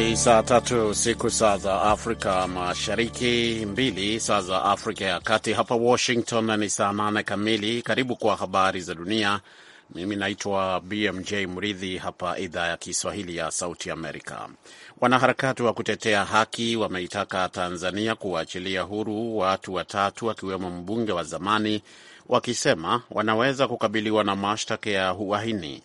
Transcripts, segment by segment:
Ni saa tatu siku saa za Afrika Mashariki, mbili saa za Afrika ya Kati. Hapa Washington ni saa nane kamili. Karibu kwa habari za dunia. Mimi naitwa BMJ Mridhi, hapa idhaa ya Kiswahili ya Sauti Amerika. Wanaharakati wa kutetea haki wameitaka Tanzania kuwaachilia huru watu watatu akiwemo mbunge wa zamani, wakisema wanaweza kukabiliwa na mashtaka ya uhaini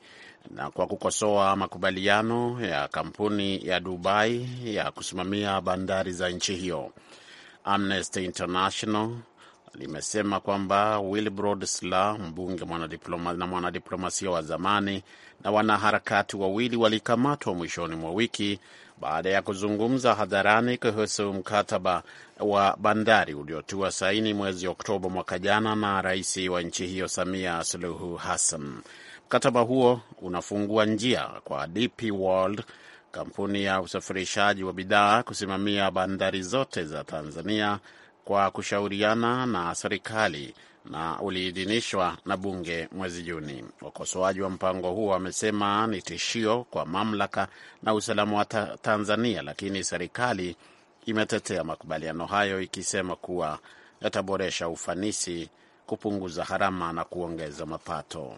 na kwa kukosoa makubaliano ya kampuni ya Dubai ya kusimamia bandari za nchi hiyo. Amnesty International limesema kwamba Wilbrod Sla, mbunge mwanadiploma, na mwanadiplomasia wa zamani na wanaharakati wawili walikamatwa mwishoni mwa wiki baada ya kuzungumza hadharani kuhusu mkataba wa bandari uliotiwa saini mwezi Oktoba mwaka jana na rais wa nchi hiyo Samia Suluhu Hassan. Mkataba huo unafungua njia kwa DP World, kampuni ya usafirishaji wa bidhaa, kusimamia bandari zote za Tanzania kwa kushauriana na serikali na uliidhinishwa na bunge mwezi Juni. Wakosoaji wa mpango huo wamesema ni tishio kwa mamlaka na usalama wa ta Tanzania, lakini serikali imetetea makubaliano hayo ikisema kuwa yataboresha ufanisi, kupunguza gharama na kuongeza mapato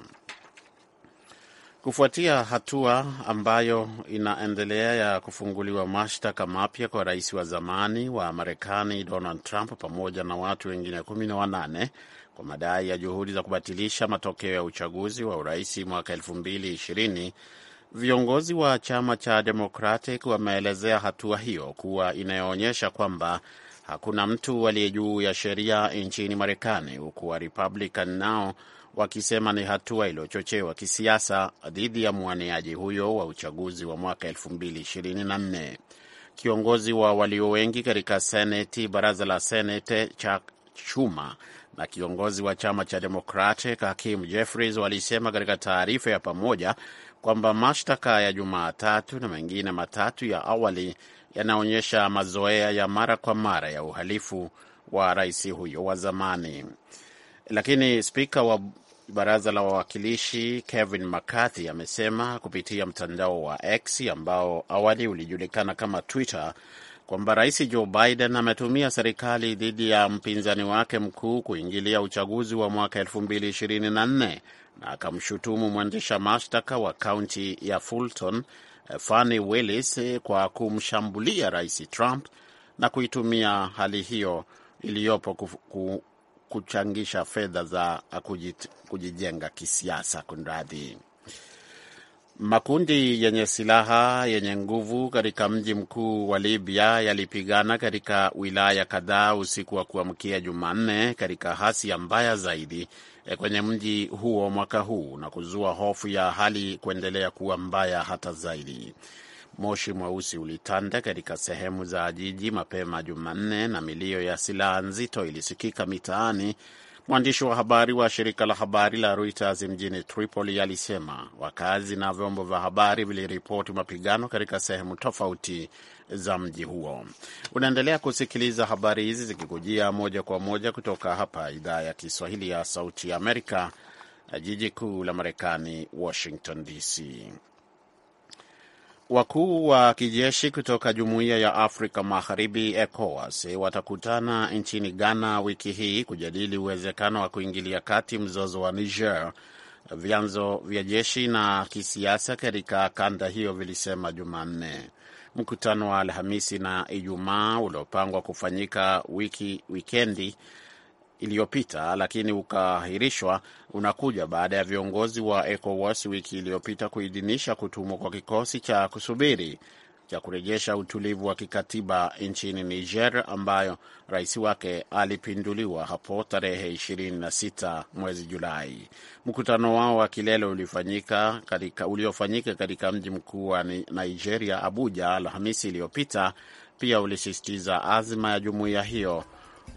kufuatia hatua ambayo inaendelea ya kufunguliwa mashtaka mapya kwa rais wa zamani wa Marekani Donald Trump pamoja na watu wengine kumi na wanane kwa madai ya juhudi za kubatilisha matokeo ya uchaguzi wa urais mwaka elfu mbili ishirini. Viongozi wa chama cha Democratic wameelezea hatua hiyo kuwa inayoonyesha kwamba hakuna mtu aliye juu ya sheria nchini Marekani, huku wa Republican nao wakisema ni hatua iliyochochewa kisiasa dhidi ya mwaniaji huyo wa uchaguzi wa mwaka 2024. Kiongozi wa walio wengi katika seneti, baraza la senete, Chuck Schumer na kiongozi wa chama cha Democratic Hakim Jeffries walisema katika taarifa ya pamoja kwamba mashtaka ya Jumatatu na mengine matatu ya awali yanaonyesha mazoea ya mara kwa mara ya uhalifu wa rais huyo wa zamani. Lakini spika wa Baraza la Wawakilishi Kevin McCarthy amesema kupitia mtandao wa X ambao awali ulijulikana kama Twitter kwamba Rais Joe Biden ametumia serikali dhidi ya mpinzani wake mkuu kuingilia uchaguzi wa mwaka 2024 na akamshutumu mwendesha mashtaka wa kaunti ya Fulton eh, Fani Willis eh, kwa kumshambulia Rais Trump na kuitumia hali hiyo iliyopo kuchangisha fedha za kujijenga kisiasa. Kunradhi. Makundi yenye silaha yenye nguvu katika mji mkuu wa Libya yalipigana katika wilaya kadhaa usiku wa kuamkia Jumanne katika hasia mbaya zaidi eh, kwenye mji huo mwaka huu na kuzua hofu ya hali kuendelea kuwa mbaya hata zaidi. Moshi mweusi ulitanda katika sehemu za jiji mapema Jumanne na milio ya silaha nzito ilisikika mitaani. Mwandishi wa habari wa shirika la habari la Reuters mjini Tripoli alisema wakazi na vyombo vya habari viliripoti mapigano katika sehemu tofauti za mji huo. Unaendelea kusikiliza habari hizi zikikujia moja kwa moja kutoka hapa idhaa ya Kiswahili ya Sauti ya Amerika, jiji kuu la Marekani, Washington DC. Wakuu wa kijeshi kutoka Jumuiya ya Afrika Magharibi ECOWAS watakutana nchini Ghana wiki hii kujadili uwezekano wa kuingilia kati mzozo wa Niger. Vyanzo vya jeshi na kisiasa katika kanda hiyo vilisema Jumanne. Mkutano wa Alhamisi na Ijumaa uliopangwa kufanyika wiki wikendi iliyopita lakini ukaahirishwa unakuja baada ya viongozi wa ECOWAS wiki iliyopita kuidhinisha kutumwa kwa kikosi cha kusubiri cha kurejesha utulivu wa kikatiba nchini Niger ambayo rais wake alipinduliwa hapo tarehe 26 mwezi Julai. Mkutano wao wa kilele uliofanyika katika, uliofanyika katika mji mkuu wa Nigeria Abuja Alhamisi iliyopita pia ulisisitiza azma ya jumuiya hiyo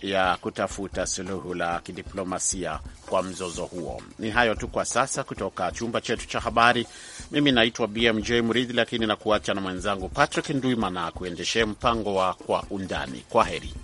ya kutafuta suluhu la kidiplomasia kwa mzozo huo. Ni hayo tu kwa sasa kutoka chumba chetu cha habari. Mimi naitwa BMJ Mridhi, lakini nakuacha na mwenzangu Patrick Ndwimana kuendeshea mpango wa Kwa Undani. Kwa heri.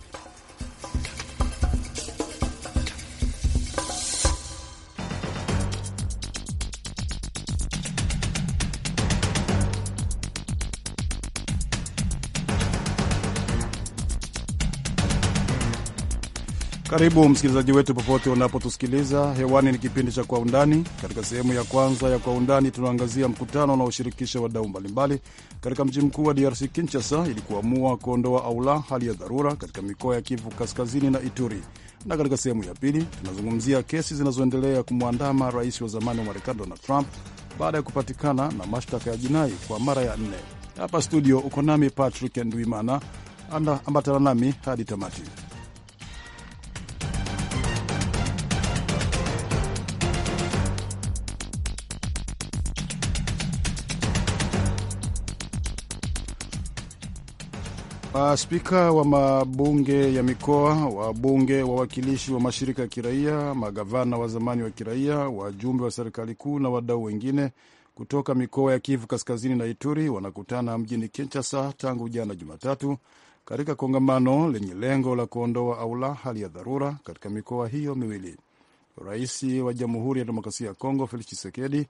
Karibu msikilizaji wetu popote unapotusikiliza hewani. Ni kipindi cha Kwa Undani. Katika sehemu ya kwanza ya Kwa Undani, tunaangazia mkutano unaoshirikisha wadau mbalimbali katika mji mkuu wa DRC Kinshasa ili kuamua kuondoa au la hali ya dharura katika mikoa ya Kivu Kaskazini na Ituri, na katika sehemu ya pili tunazungumzia kesi zinazoendelea kumwandama rais wa zamani wa Marekani Donald Trump baada ya kupatikana na mashtaka ya jinai kwa mara ya nne. Hapa studio uko nami Patrick Ndwimana, ambatana nami hadi tamati. Uh, spika wa mabunge ya mikoa, wabunge, wawakilishi wa mashirika ya kiraia, magavana wa zamani wa kiraia, wajumbe wa serikali kuu na wadau wengine kutoka mikoa ya Kivu Kaskazini na Ituri wanakutana mjini Kinshasa tangu jana Jumatatu katika kongamano lenye lengo la kuondoa au la hali ya dharura katika mikoa hiyo miwili. Rais wa Jamhuri ya Demokrasia ya Kongo Felix Tshisekedi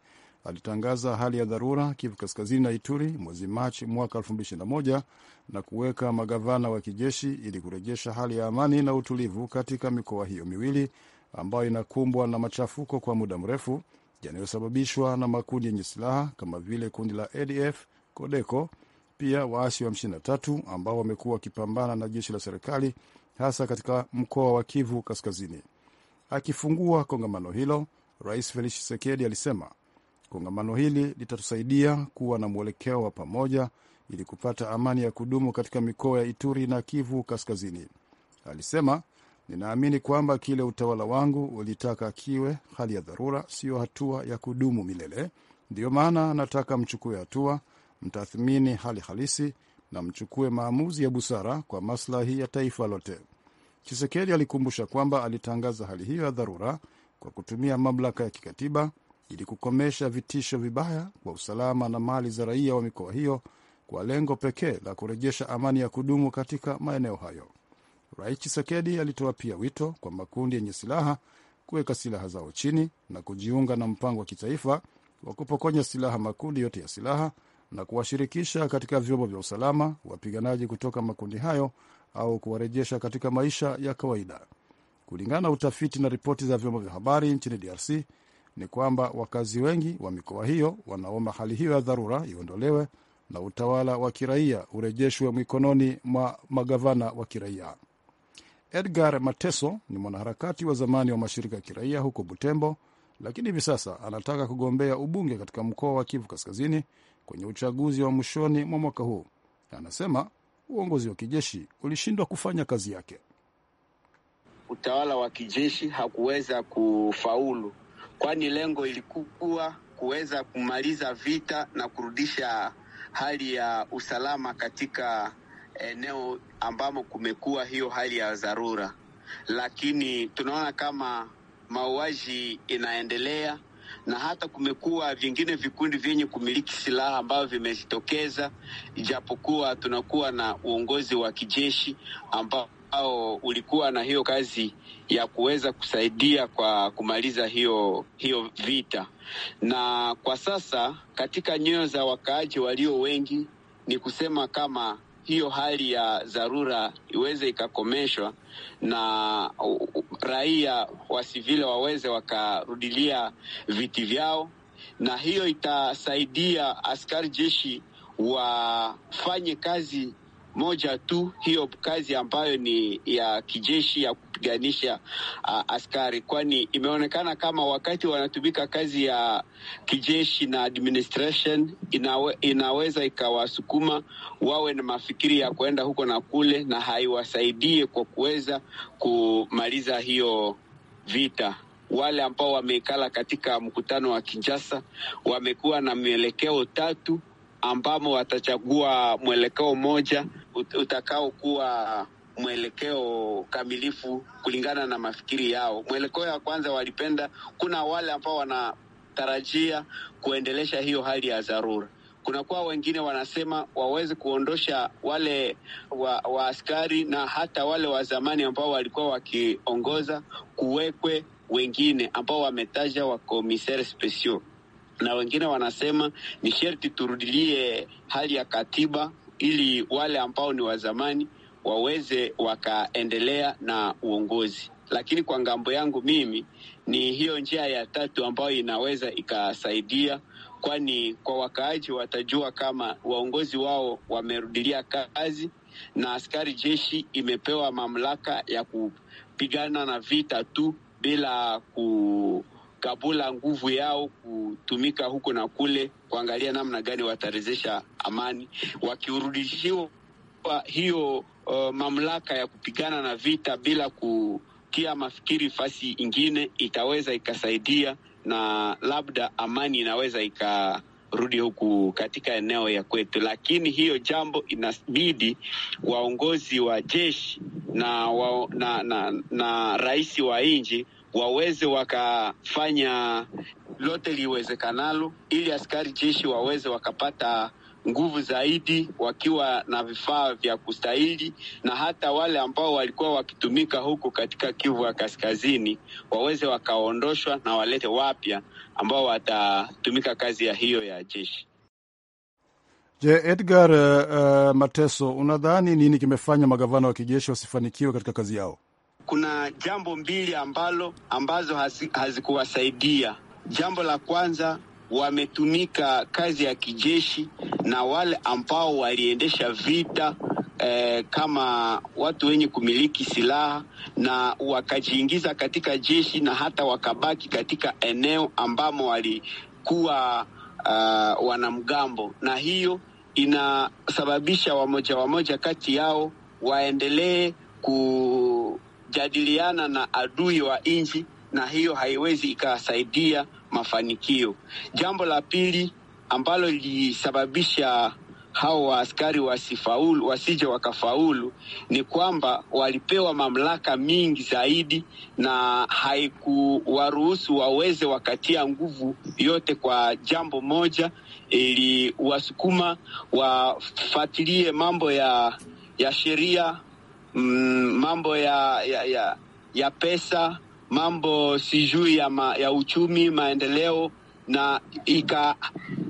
alitangaza hali ya dharura Kivu Kaskazini na Ituri mwezi Machi mwaka 2021 na kuweka magavana wa kijeshi ili kurejesha hali ya amani na utulivu katika mikoa hiyo miwili ambayo inakumbwa na machafuko kwa muda mrefu yanayosababishwa na makundi yenye silaha kama vile kundi la ADF Kodeko, pia waasi wa M23 ambao wamekuwa wakipambana na jeshi la serikali hasa katika mkoa wa Kivu Kaskazini. Akifungua kongamano hilo, Rais Felix Tshisekedi alisema Kongamano hili litatusaidia kuwa na mwelekeo wa pamoja ili kupata amani ya kudumu katika mikoa ya Ituri na Kivu Kaskazini, alisema. Ninaamini kwamba kile utawala wangu ulitaka kiwe hali ya dharura, siyo hatua ya kudumu milele. Ndiyo maana nataka mchukue hatua, mtathmini hali halisi na mchukue maamuzi ya busara kwa maslahi ya taifa lote. Chisekedi alikumbusha kwamba alitangaza hali hiyo ya dharura kwa kutumia mamlaka ya kikatiba ili kukomesha vitisho vibaya kwa usalama na mali za raia wa mikoa hiyo kwa lengo pekee la kurejesha amani ya kudumu katika maeneo hayo. Rais Chisekedi alitoa pia wito kwa makundi yenye silaha kuweka silaha zao chini na kujiunga na mpango wa kitaifa wa kupokonya silaha makundi yote ya silaha na kuwashirikisha katika vyombo vya usalama wapiganaji kutoka makundi hayo au kuwarejesha katika maisha ya kawaida. Kulingana na utafiti na ripoti za vyombo vya habari nchini DRC, ni kwamba wakazi wengi wa mikoa hiyo wanaomba hali hiyo ya dharura iondolewe na utawala wa kiraia urejeshwe mikononi mwa magavana wa kiraia. Edgar Mateso ni mwanaharakati wa zamani wa mashirika ya kiraia huko Butembo, lakini hivi sasa anataka kugombea ubunge katika mkoa wa Kivu Kaskazini kwenye uchaguzi wa mwishoni mwa mwaka huu. Anasema uongozi wa kijeshi ulishindwa kufanya kazi yake. Utawala wa kijeshi hakuweza kufaulu kwani lengo ilikuwa kuweza kumaliza vita na kurudisha hali ya usalama katika eneo ambamo kumekuwa hiyo hali ya dharura, lakini tunaona kama mauaji inaendelea na hata kumekuwa vingine vikundi vyenye kumiliki silaha ambavyo vimejitokeza, ijapokuwa tunakuwa na uongozi wa kijeshi ambao ambao ulikuwa na hiyo kazi ya kuweza kusaidia kwa kumaliza hiyo hiyo vita, na kwa sasa katika nyoyo za wakaaji walio wengi ni kusema kama hiyo hali ya dharura iweze ikakomeshwa na raia wa sivile waweze wakarudilia viti vyao, na hiyo itasaidia askari jeshi wafanye kazi moja tu, hiyo kazi ambayo ni ya kijeshi ya kupiganisha uh, askari, kwani imeonekana kama wakati wanatumika kazi ya kijeshi na administration inawe, inaweza ikawasukuma wawe na mafikiri ya kuenda huko na kule, na haiwasaidie kwa kuweza kumaliza hiyo vita. Wale ambao wameikala katika mkutano wa Kinshasa wamekuwa na mielekeo tatu ambamo watachagua mwelekeo mmoja utakaokuwa mwelekeo kamilifu kulingana na mafikiri yao. Mwelekeo ya kwanza walipenda, kuna wale ambao wanatarajia kuendelesha hiyo hali ya dharura kuna kuwa wengine wanasema waweze kuondosha wale wa, wa askari na hata wale wa zamani ambao walikuwa wakiongoza, kuwekwe wengine ambao wametaja wa komisere special, na wengine wanasema ni sherti turudilie hali ya katiba ili wale ambao ni wa zamani waweze wakaendelea na uongozi. Lakini kwa ngambo yangu mimi ni hiyo njia ya tatu ambayo inaweza ikasaidia, kwani kwa wakaaji watajua kama waongozi wao wamerudilia kazi na askari jeshi imepewa mamlaka ya kupigana na vita tu bila ku kabula nguvu yao kutumika huko na kule, kuangalia namna gani watarezesha amani wakirudishiwa hiyo uh, mamlaka ya kupigana na vita bila kutia mafikiri fasi ingine, itaweza ikasaidia na labda amani inaweza ikarudi huku katika eneo ya kwetu. Lakini hiyo jambo inabidi waongozi wa jeshi na, wa, na, na, na rais wa nchi waweze wakafanya lote liwezekanalo ili askari jeshi waweze wakapata nguvu zaidi wakiwa na vifaa vya kustahili, na hata wale ambao walikuwa wakitumika huku katika Kivu ya Kaskazini waweze wakaondoshwa na walete wapya ambao watatumika kazi ya hiyo ya jeshi. Je, Edgar uh, Mateso, unadhani nini kimefanya magavana wa kijeshi wasifanikiwe katika kazi yao? kuna jambo mbili ambalo ambazo hazikuwasaidia hazi. Jambo la kwanza wametumika kazi ya kijeshi na wale ambao waliendesha vita eh, kama watu wenye kumiliki silaha na wakajiingiza katika jeshi na hata wakabaki katika eneo ambamo walikuwa uh, wanamgambo, na hiyo inasababisha wamoja wamoja kati yao waendelee ku kujadiliana na adui wa nchi, na hiyo haiwezi ikasaidia mafanikio. Jambo la pili ambalo lilisababisha hao waaskari wasifaulu, wasije wakafaulu ni kwamba walipewa mamlaka mingi zaidi, na haikuwaruhusu waweze wakatia nguvu yote kwa jambo moja, ili wasukuma wafuatilie mambo ya, ya sheria mm, mambo ya, ya, ya, ya pesa, mambo sijui ya, ma, ya uchumi, maendeleo na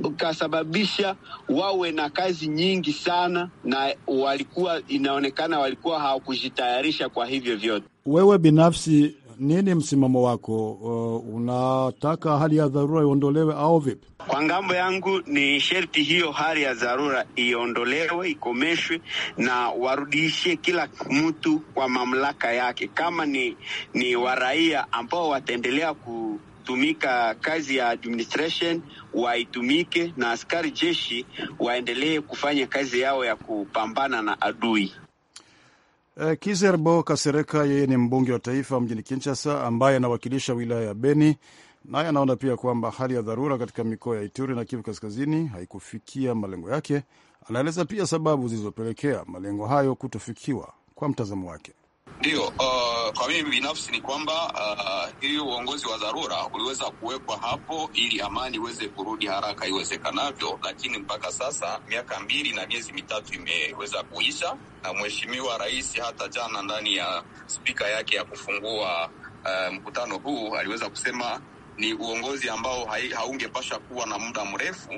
ikasababisha wawe na kazi nyingi sana, na walikuwa inaonekana walikuwa hawakujitayarisha kwa hivyo vyote. Wewe binafsi nini msimamo wako? Uh, unataka hali ya dharura iondolewe au vipi? Kwa ngambo yangu ni sherti hiyo hali ya dharura iondolewe, ikomeshwe na warudishe kila mtu kwa mamlaka yake. Kama ni, ni waraia ambao wataendelea ku tumika kazi ya administration waitumike, na askari jeshi waendelee kufanya kazi yao ya kupambana na adui. Uh, eh, Kizerbo Kasereka yeye ni mbunge wa taifa mjini Kinshasa ambaye anawakilisha wilaya ya Beni, naye anaona pia kwamba hali ya dharura katika mikoa ya Ituri na Kivu Kaskazini haikufikia malengo yake. Anaeleza pia sababu zilizopelekea malengo hayo kutofikiwa kwa mtazamo wake ndio uh, kwa mimi binafsi ni kwamba uh, hiyo uongozi wa dharura uliweza kuwekwa hapo ili amani iweze kurudi haraka iwezekanavyo, lakini mpaka sasa miaka mbili na miezi mitatu imeweza kuisha, na mheshimiwa rais hata jana ndani ya spika yake ya kufungua uh, mkutano huu aliweza kusema ni uongozi ambao haungepasha kuwa na muda mrefu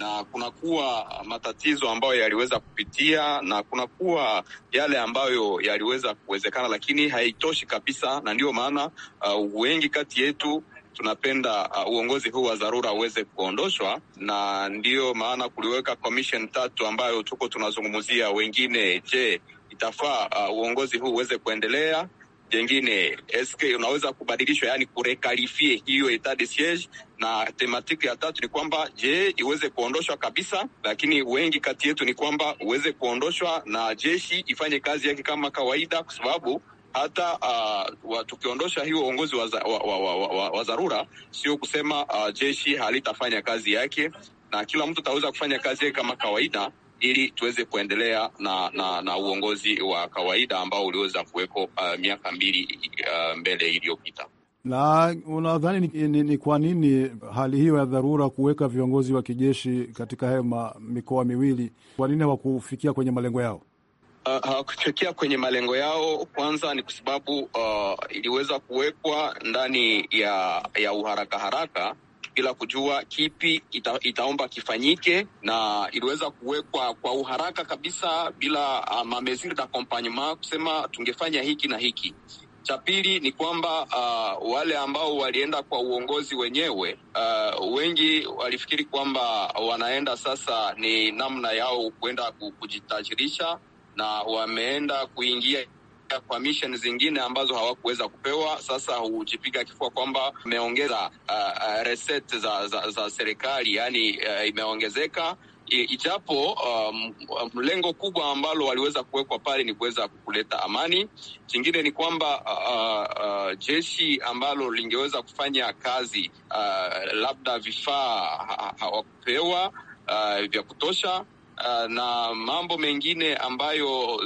na kunakuwa matatizo ambayo yaliweza kupitia na kunakuwa yale ambayo yaliweza kuwezekana, lakini haitoshi kabisa, na ndiyo maana uh, wengi kati yetu tunapenda uh, uongozi huu wa dharura uweze kuondoshwa, na ndiyo maana kuliweka commission tatu ambayo tuko tunazungumzia. Wengine je, itafaa uh, uongozi huu uweze kuendelea jengine eske unaweza kubadilishwa, yani kurekalifie hiyo etat de siege. Na tematiki ya tatu ni kwamba je, iweze kuondoshwa kabisa, lakini wengi kati yetu ni kwamba uweze kuondoshwa na jeshi ifanye kazi yake kama kawaida, kwa sababu hata uh, tukiondosha hiyo uongozi wa, wa, wa, wa, wa, wa dharura, sio kusema uh, jeshi halitafanya kazi yake na kila mtu ataweza kufanya kazi yake kama kawaida ili tuweze kuendelea na, na, na uongozi wa kawaida ambao uliweza kuweko uh, miaka mbili uh, mbele iliyopita. Na unadhani ni, ni, ni kwa nini hali hiyo ya dharura kuweka viongozi wa kijeshi katika hayo mikoa miwili, kwa nini hawakufikia kwenye malengo yao? Uh, hawakufikia uh, kwenye malengo yao. Kwanza ni kwa sababu uh, iliweza kuwekwa ndani ya, ya uharaka haraka bila kujua kipi ita, itaomba kifanyike, na iliweza kuwekwa kwa uharaka kabisa bila uh, ah, d'accompagnement kusema tungefanya hiki na hiki. Cha pili ni kwamba uh, wale ambao walienda kwa uongozi wenyewe uh, wengi walifikiri kwamba wanaenda sasa ni namna yao kuenda kujitajirisha na wameenda kuingia kwa misheni zingine ambazo hawakuweza kupewa. Sasa hujipiga kifua kwamba imeongeza uh, uh reset za, za, za serikali yani uh, imeongezeka ijapo um, um, lengo kubwa ambalo waliweza kuwekwa pale ni kuweza kuleta amani. Chingine ni kwamba uh, uh, uh, jeshi ambalo lingeweza kufanya kazi uh, labda vifaa hawakupewa ha, uh, vya kutosha uh, na mambo mengine ambayo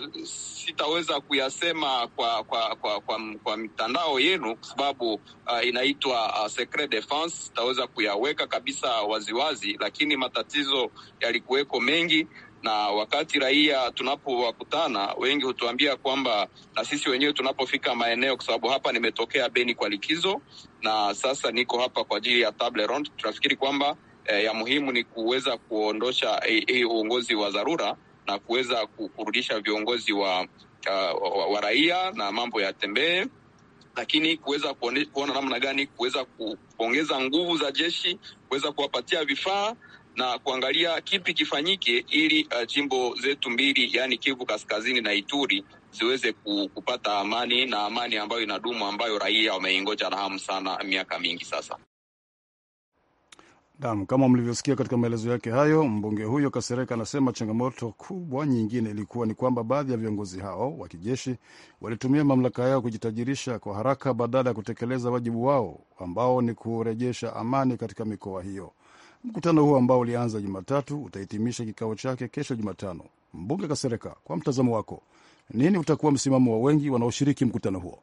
sitaweza kuyasema kwa kwa kwa, kwa, kwa mitandao yenu kwa sababu uh, inaitwa uh, secret defense. Sitaweza kuyaweka kabisa waziwazi -wazi, lakini matatizo yalikuweko mengi na wakati raia tunapowakutana wengi hutuambia kwamba na sisi wenyewe tunapofika maeneo, kwa sababu hapa nimetokea Beni kwa likizo na sasa niko hapa kwa ajili ya table round, tunafikiri kwamba eh, ya muhimu ni kuweza kuondosha hii eh, eh, uongozi wa dharura na kuweza kurudisha viongozi wa, uh, wa, wa raia na mambo yatembee, lakini kuweza kuona namna gani kuweza kuongeza nguvu za jeshi, kuweza kuwapatia vifaa na kuangalia kipi kifanyike ili uh, jimbo zetu mbili yaani Kivu Kaskazini na Ituri ziweze kupata amani na amani ambayo inadumu ambayo raia wameingoja na hamu sana miaka mingi sasa. Naam, kama mlivyosikia katika maelezo yake hayo, mbunge huyo Kasereka anasema changamoto kubwa nyingine ilikuwa ni kwamba baadhi ya viongozi hao wa kijeshi walitumia mamlaka yao kujitajirisha kwa haraka badala ya kutekeleza wajibu wao ambao ni kurejesha amani katika mikoa hiyo. Mkutano huo ambao ulianza Jumatatu utahitimisha kikao chake kesho Jumatano. Mbunge Kasereka, kwa mtazamo wako, nini utakuwa msimamo wa wengi wanaoshiriki mkutano huo?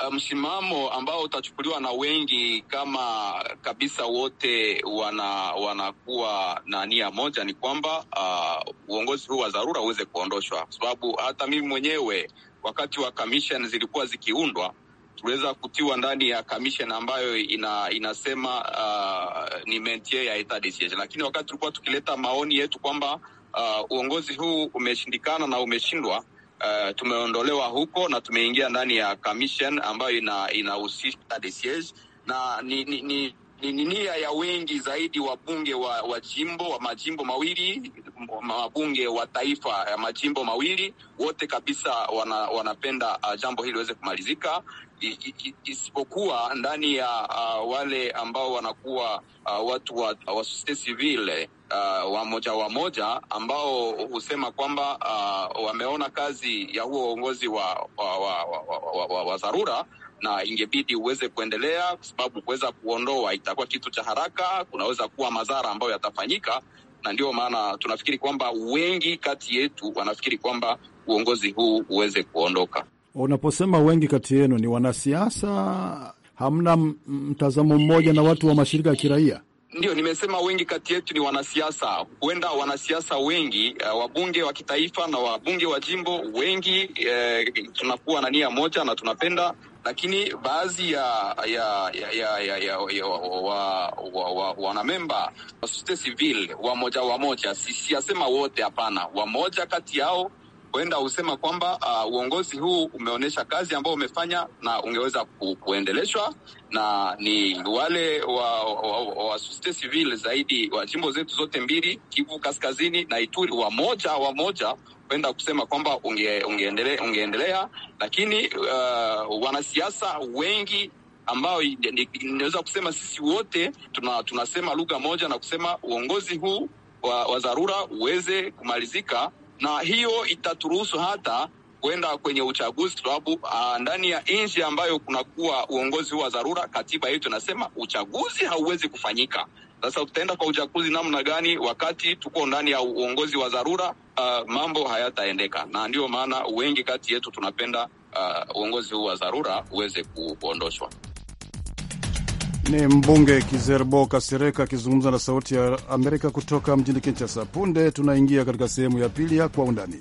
Eh, msimamo ambao utachukuliwa na wengi kama kabisa wote wana wanakuwa na nia moja, ni kwamba uh, uongozi huu wa dharura uweze kuondoshwa, kwa sababu hata mimi mwenyewe wakati wa kamishen zilikuwa zikiundwa tuliweza kutiwa ndani ya kamishen ambayo ina, inasema uh, ni mentie ya etat de siege, lakini wakati tulikuwa tukileta maoni yetu kwamba uh, uongozi huu umeshindikana na umeshindwa Uh, tumeondolewa huko na tumeingia ndani ya commission ambayo inahusisha ina na ni, ni, ni ni nia ya wengi zaidi wabunge wa, wa jimbo wa majimbo mawili wabunge wa taifa ya majimbo mawili wote kabisa wana, wanapenda uh, jambo hili liweze kumalizika isipokuwa ndani ya uh, wale ambao wanakuwa uh, watu wa, wa societe civile uh, wamoja wamoja ambao husema kwamba uh, wameona kazi ya huo uongozi wa, wa, wa, wa, wa, wa, wa, wa dharura na ingebidi uweze kuendelea, kwa sababu kuweza kuondoa itakuwa kitu cha haraka, kunaweza kuwa madhara ambayo yatafanyika, na ndio maana tunafikiri kwamba wengi kati yetu wanafikiri kwamba uongozi huu uweze kuondoka. Unaposema wengi kati yenu ni wanasiasa, hamna mtazamo mmoja na watu wa mashirika ya kiraia? Ndio, nimesema wengi kati yetu ni wanasiasa. Huenda wanasiasa wengi, uh, wabunge wa kitaifa na wabunge wa jimbo wengi, uh, tunakuwa na nia moja na tunapenda lakini baadhi ya ya ya ya, ya, ya, ya wanamemba wa, wa, wa, wa societe civile wamoja wamoja, siyasema wote, hapana, wamoja kati yao huenda husema kwamba uh, uongozi huu umeonyesha kazi ambao umefanya na ungeweza ku, kuendeleshwa na ni wale wa, wa, wa, wa societe civile zaidi wa jimbo zetu zote mbili Kivu Kaskazini na Ituri, wamoja wamoja kwenda kusema kwamba unge, ungeendele, ungeendelea, lakini uh, wanasiasa wengi ambao inaweza kusema sisi wote tuna, tunasema lugha moja na kusema uongozi huu wa, wa dharura uweze kumalizika, na hiyo itaturuhusu hata kwenda kwenye uchaguzi, sababu uh, ndani ya nchi ambayo kunakuwa uongozi huu wa dharura, katiba yetu inasema uchaguzi hauwezi kufanyika. Sasa tutaenda kwa uchaguzi namna gani wakati tuko ndani ya uongozi wa dharura? Uh, mambo hayataendeka, na ndiyo maana wengi kati yetu tunapenda uh, uongozi huu wa dharura uweze kuondoshwa. Ni mbunge Kizerbo Kasereka akizungumza na Sauti ya Amerika kutoka mjini Kinshasa. Punde tunaingia katika sehemu ya pili ya Kwa Undani.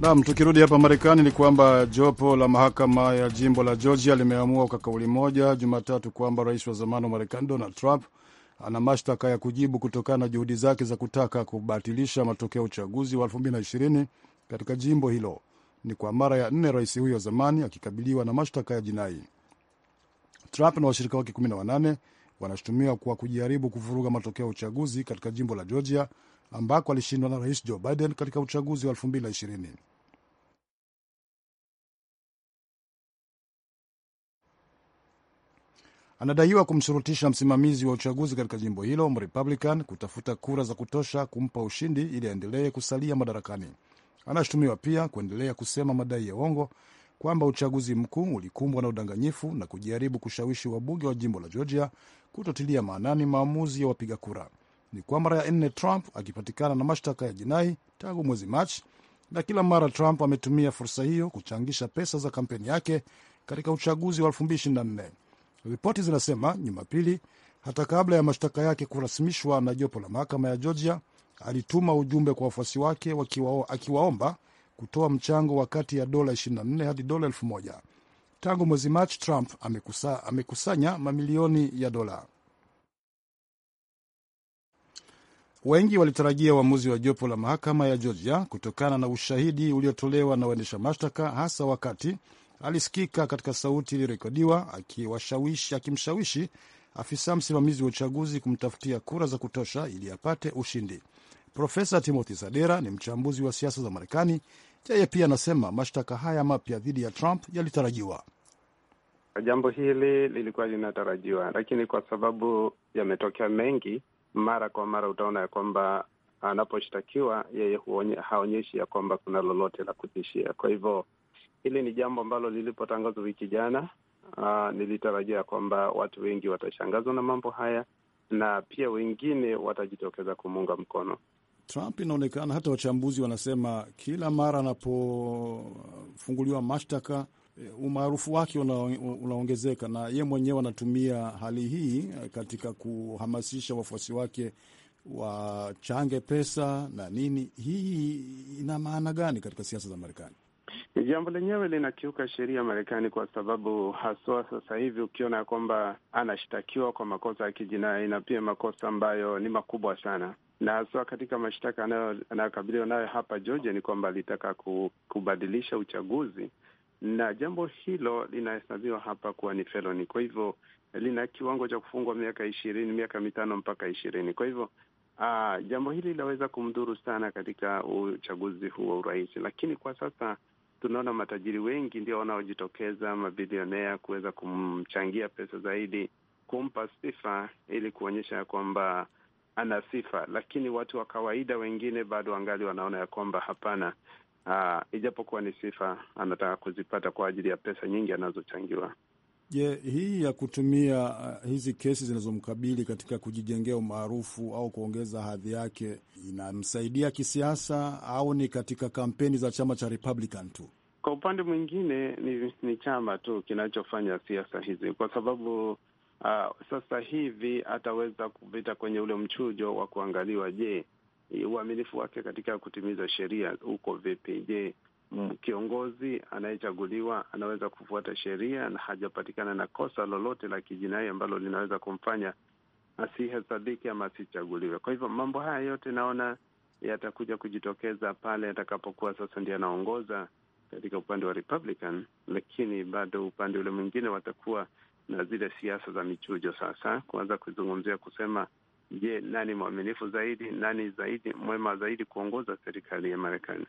Naam, tukirudi hapa Marekani ni kwamba jopo la mahakama ya jimbo la Georgia limeamua kwa kauli moja Jumatatu kwamba rais wa zamani wa Marekani Donald Trump ana mashtaka ya kujibu kutokana na juhudi zake za kutaka kubatilisha matokeo ya uchaguzi wa 2020 katika jimbo hilo. Ni kwa mara ya nne rais huyo wa zamani akikabiliwa na mashtaka ya jinai. Trump na washirika wake 18 wanashutumiwa kwa kujaribu kuvuruga matokeo ya uchaguzi katika jimbo la Georgia ambako alishindwa na rais Joe Biden katika uchaguzi wa 2020. Anadaiwa kumshurutisha msimamizi wa uchaguzi katika jimbo hilo Mrepublican kutafuta kura za kutosha kumpa ushindi ili aendelee kusalia madarakani. Anashutumiwa pia kuendelea kusema madai ya uongo kwamba uchaguzi mkuu ulikumbwa na udanganyifu na kujaribu kushawishi wabunge wa jimbo la Georgia kutotilia maanani maamuzi ya wapiga kura. Ni kwa mara ya nne Trump akipatikana na mashtaka ya jinai tangu mwezi Machi, na kila mara Trump ametumia fursa hiyo kuchangisha pesa za kampeni yake katika uchaguzi wa 2024. Ripoti zinasema Jumapili, hata kabla ya mashtaka yake kurasimishwa na jopo la mahakama ya Georgia, alituma ujumbe kwa wafuasi wake wakiwa, akiwaomba kutoa mchango wa kati ya dola 24 hadi dola 1000. Tangu mwezi Machi, Trump amekusa, amekusanya mamilioni ya dola. Wengi walitarajia uamuzi wa jopo la mahakama ya Georgia kutokana na ushahidi uliotolewa na waendesha mashtaka, hasa wakati alisikika katika sauti iliyorekodiwa akimshawishi afisa msimamizi wa uchaguzi kumtafutia kura za kutosha ili apate ushindi. Profesa Timothy Sadera ni mchambuzi wa siasa za Marekani. Yeye pia anasema mashtaka haya mapya dhidi ya Trump yalitarajiwa. Jambo hili lilikuwa linatarajiwa, lakini kwa sababu yametokea mengi mara kwa mara utaona ya kwamba anaposhtakiwa yeye haonyeshi ya kwamba kuna lolote la kutishia. Kwa hivyo hili ni jambo ambalo lilipotangazwa wiki jana, uh, nilitarajia kwamba watu wengi watashangazwa na mambo haya na pia wengine watajitokeza kumuunga mkono Trump. Inaonekana hata wachambuzi wanasema kila mara anapofunguliwa mashtaka Eh, umaarufu wake unaongezeka una na ye mwenyewe anatumia hali hii eh, katika kuhamasisha wafuasi wake wachange pesa na nini. Hii ina maana gani katika siasa za Marekani? Jambo lenyewe linakiuka sheria ya Marekani kwa sababu haswa sasa hivi ukiona ya kwamba anashtakiwa kwa makosa ya kijinai na pia makosa ambayo ni makubwa sana na haswa katika mashtaka anayokabiliwa nayo hapa Georgia ni kwamba alitaka kubadilisha uchaguzi na jambo hilo linahesabiwa hapa kuwa ni feloni. Kwa hivyo lina kiwango cha kufungwa miaka ishirini, miaka mitano mpaka ishirini. Kwa hivyo uh, jambo hili linaweza kumdhuru sana katika uchaguzi huu wa urais, lakini kwa sasa tunaona matajiri wengi ndio wanaojitokeza, mabilionea kuweza kumchangia pesa zaidi, kumpa sifa ili kuonyesha ya kwamba ana sifa, lakini watu wa kawaida wengine bado wangali wanaona ya kwamba hapana, uh, ijapokuwa ni sifa anataka kuzipata kwa ajili ya pesa nyingi anazochangiwa. Je, yeah, hii ya kutumia uh, hizi kesi zinazomkabili katika kujijengea umaarufu au kuongeza hadhi yake inamsaidia kisiasa au ni katika kampeni za chama cha Republican tu? Kwa upande mwingine ni, ni chama tu kinachofanya siasa hizi, kwa sababu uh, sasa hivi ataweza kupita kwenye ule mchujo wa kuangaliwa, je Eh, uaminifu wake katika kutimiza sheria uko vipi? Je, kiongozi anayechaguliwa anaweza kufuata sheria na hajapatikana na kosa lolote la kijinai ambalo linaweza kumfanya asihesabiki ama asichaguliwe? Kwa hivyo mambo haya yote naona yatakuja kujitokeza pale atakapokuwa sasa ndiye anaongoza katika upande wa Republican, lakini bado upande ule mwingine watakuwa na zile siasa za michujo sasa, kuanza kuzungumzia kusema Je, nani mwaminifu zaidi, nani zaidi mwema zaidi kuongoza serikali ya Marekani?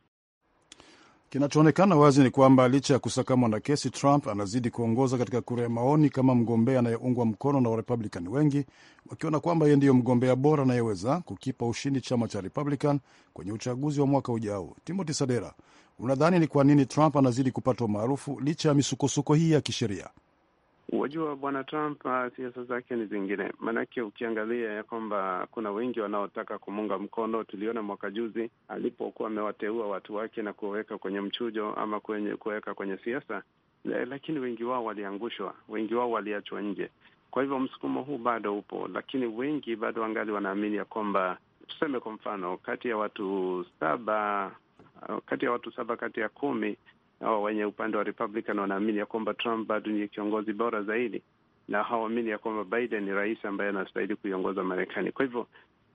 Kinachoonekana wazi ni kwamba licha ya kusakamwa na kesi, Trump anazidi kuongoza katika kura ya maoni kama mgombea anayeungwa mkono na Warepublican wengi wakiona kwamba yeye ndiyo mgombea bora anayeweza kukipa ushindi chama cha Republican kwenye uchaguzi wa mwaka ujao. Timothy Sadera, unadhani ni kwa nini Trump anazidi kupata umaarufu licha ya misukosuko hii ya kisheria? Wajua bwana Trump ah, siasa zake ni zingine, maanake ukiangalia ya kwamba kuna wengi wanaotaka kumunga mkono. Tuliona mwaka juzi alipokuwa amewateua watu wake na kuweka kwenye mchujo ama kwenye kuweka kwenye siasa, lakini wengi wao waliangushwa, wengi wao waliachwa nje. Kwa hivyo msukumo huu bado upo, lakini wengi bado wangali wanaamini ya kwamba, tuseme kwa mfano, kati ya watu saba ah, kati ya watu saba kati ya kumi hawa wenye upande wa Republican wanaamini ya kwamba Trump bado ni kiongozi bora zaidi, na hawaamini ya kwamba Biden ni rais ambaye anastahili kuiongoza Marekani. Kwa hivyo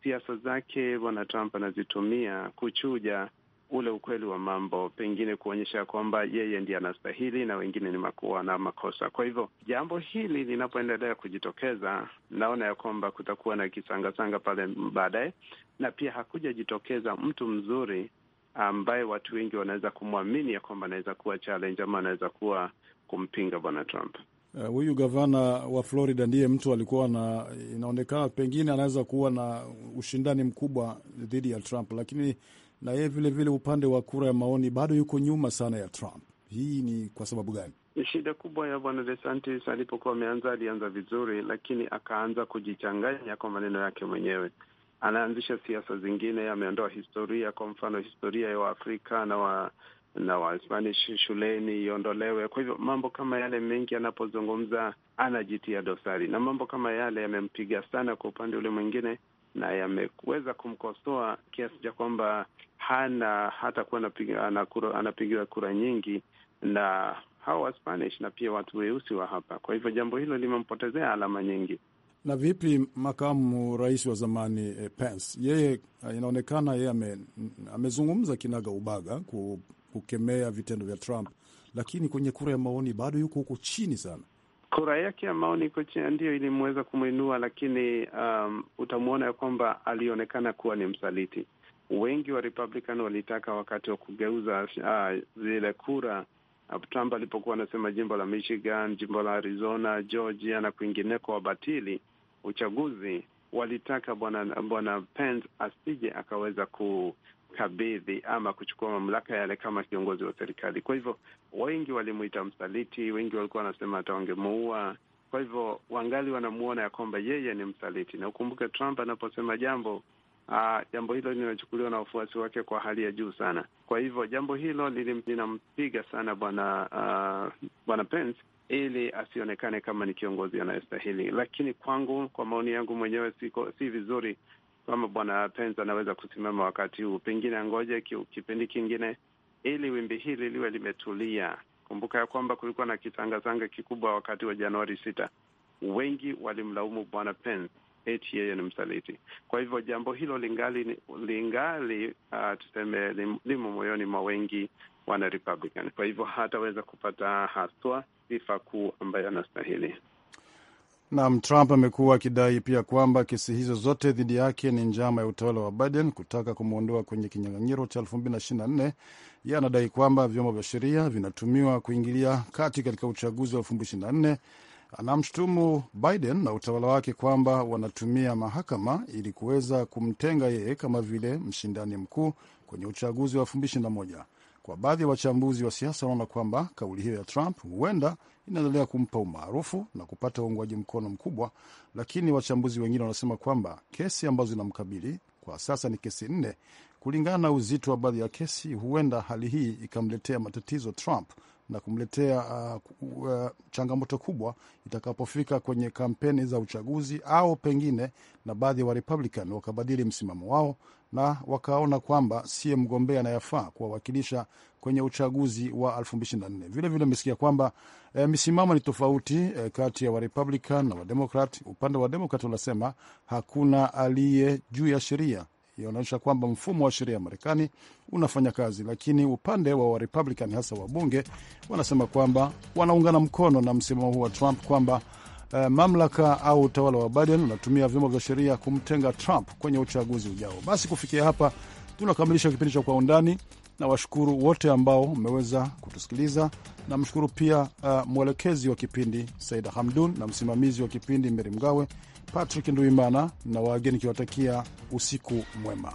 siasa zake bwana Trump anazitumia kuchuja ule ukweli wa mambo, pengine kuonyesha kwamba yeye ndiye anastahili na wengine ni makuwa na makosa. Kwa hivyo jambo hili linapoendelea kujitokeza, naona ya kwamba kutakuwa na kisangasanga pale baadaye, na pia hakujajitokeza mtu mzuri ambaye watu wengi wanaweza kumwamini ya kwamba anaweza kuwa challenge ama anaweza kuwa kumpinga bwana Trump. Uh, huyu uh, gavana wa Florida ndiye mtu alikuwa na, inaonekana pengine anaweza kuwa na ushindani mkubwa dhidi ya Trump, lakini na yeye vilevile upande wa kura ya maoni bado yuko nyuma sana ya Trump. Hii ni kwa sababu gani? Shida kubwa ya bwana DeSantis alipokuwa ameanza, alianza vizuri, lakini akaanza kujichanganya kwa maneno yake mwenyewe anaanzisha siasa zingine, ameondoa historia, kwa mfano historia ya Waafrika na wa na Wahispanish shuleni iondolewe. Kwa hivyo mambo kama yale mengi, anapozungumza anajitia dosari, na mambo kama yale yamempiga sana kwa upande ule mwingine, na yameweza kumkosoa kiasi cha kwamba hana hata kuwa anapigiwa kura nyingi na hawa Waspanish na pia watu weusi wa hapa. Kwa hivyo jambo hilo limempotezea alama nyingi. Na vipi makamu rais wa zamani eh, Pence, yeye ah, inaonekana yeye ame, amezungumza kinaga ubaga kukemea vitendo vya Trump, lakini kwenye kura ya maoni bado yuko huko chini sana. Kura yake ya maoni iko chini, ndiyo ilimweza kumwinua, lakini um, utamwona ya kwamba alionekana kuwa ni msaliti. Wengi wa Republican walitaka wakati wa kugeuza uh, zile kura ah, Trump alipokuwa anasema jimbo la Michigan, jimbo la Arizona, Georgia na kwingineko wabatili, uchaguzi walitaka bwana bwana Pence asije akaweza kukabidhi ama kuchukua mamlaka yale kama kiongozi wa serikali. Kwa hivyo wengi walimwita msaliti, wengi walikuwa wanasema hata wangemuua. Kwa hivyo wangali wanamuona ya kwamba yeye ni msaliti, na ukumbuke Trump anaposema jambo aa, ah, jambo hilo linachukuliwa na wafuasi wake kwa hali ya juu sana. Kwa hivyo jambo hilo linampiga sana bwana uh, bwana Pence, ili asionekane kama ni kiongozi anayestahili. Lakini kwangu, kwa maoni yangu mwenyewe, siko, si vizuri kama bwana Pence anaweza kusimama wakati huu, pengine angoje kipindi kingine ili wimbi hili liwe limetulia. Kumbuka ya kwamba kulikuwa na kitangazanga kikubwa wakati wa Januari sita. Wengi walimlaumu bwana Pence eti yeye ni msaliti. Kwa hivyo jambo hilo lingali lingali, uh, tuseme limo moyoni mwa wengi wana Republican. Kwa hivyo hataweza kupata haswa sifa kuu ambayo anastahili. Naam, Trump amekuwa akidai pia kwamba kesi hizo zote dhidi yake ni njama ya utawala wa Biden kutaka kumwondoa kwenye kinyang'anyiro cha 2024. Yeye anadai kwamba vyombo vya sheria vinatumiwa kuingilia kati katika uchaguzi wa 2024. Anamshutumu Biden na utawala wake kwamba wanatumia mahakama ili kuweza kumtenga yeye kama vile mshindani mkuu kwenye uchaguzi wa 2021. Kwa baadhi ya wachambuzi wa, siasa wanaona kwamba kauli hiyo ya Trump huenda inaendelea kumpa umaarufu na kupata uungwaji mkono mkubwa, lakini wachambuzi wengine wanasema kwamba kesi ambazo zinamkabili kwa sasa ni kesi nne. Kulingana na uzito wa baadhi ya kesi, huenda hali hii ikamletea matatizo Trump na kumletea uh, uh, changamoto kubwa itakapofika kwenye kampeni za uchaguzi, au pengine na baadhi ya Warepublican wakabadili msimamo wao na wakaona kwamba siye mgombea anayefaa kuwawakilisha kwenye uchaguzi wa 2024. Vilevile amesikia kwamba e, misimamo ni tofauti e, kati ya Warepublican na Wademokrat. Upande wa Demokrat wanasema hakuna aliye juu ya sheria inaonyesha kwamba mfumo wa sheria ya Marekani unafanya kazi, lakini upande wa Warepublican hasa wabunge wanasema kwamba wanaungana mkono na msimamo huu wa Trump kwamba Eh, mamlaka au utawala wa Biden unatumia vyombo vya sheria kumtenga Trump kwenye uchaguzi ujao. Basi kufikia hapa tunakamilisha kipindi cha Kwa Undani na washukuru wote ambao mmeweza kutusikiliza. Namshukuru pia uh, mwelekezi wa kipindi Saida Hamdun na msimamizi wa kipindi Meri Mgawe. Patrick Nduimana na wageni kiwatakia usiku mwema.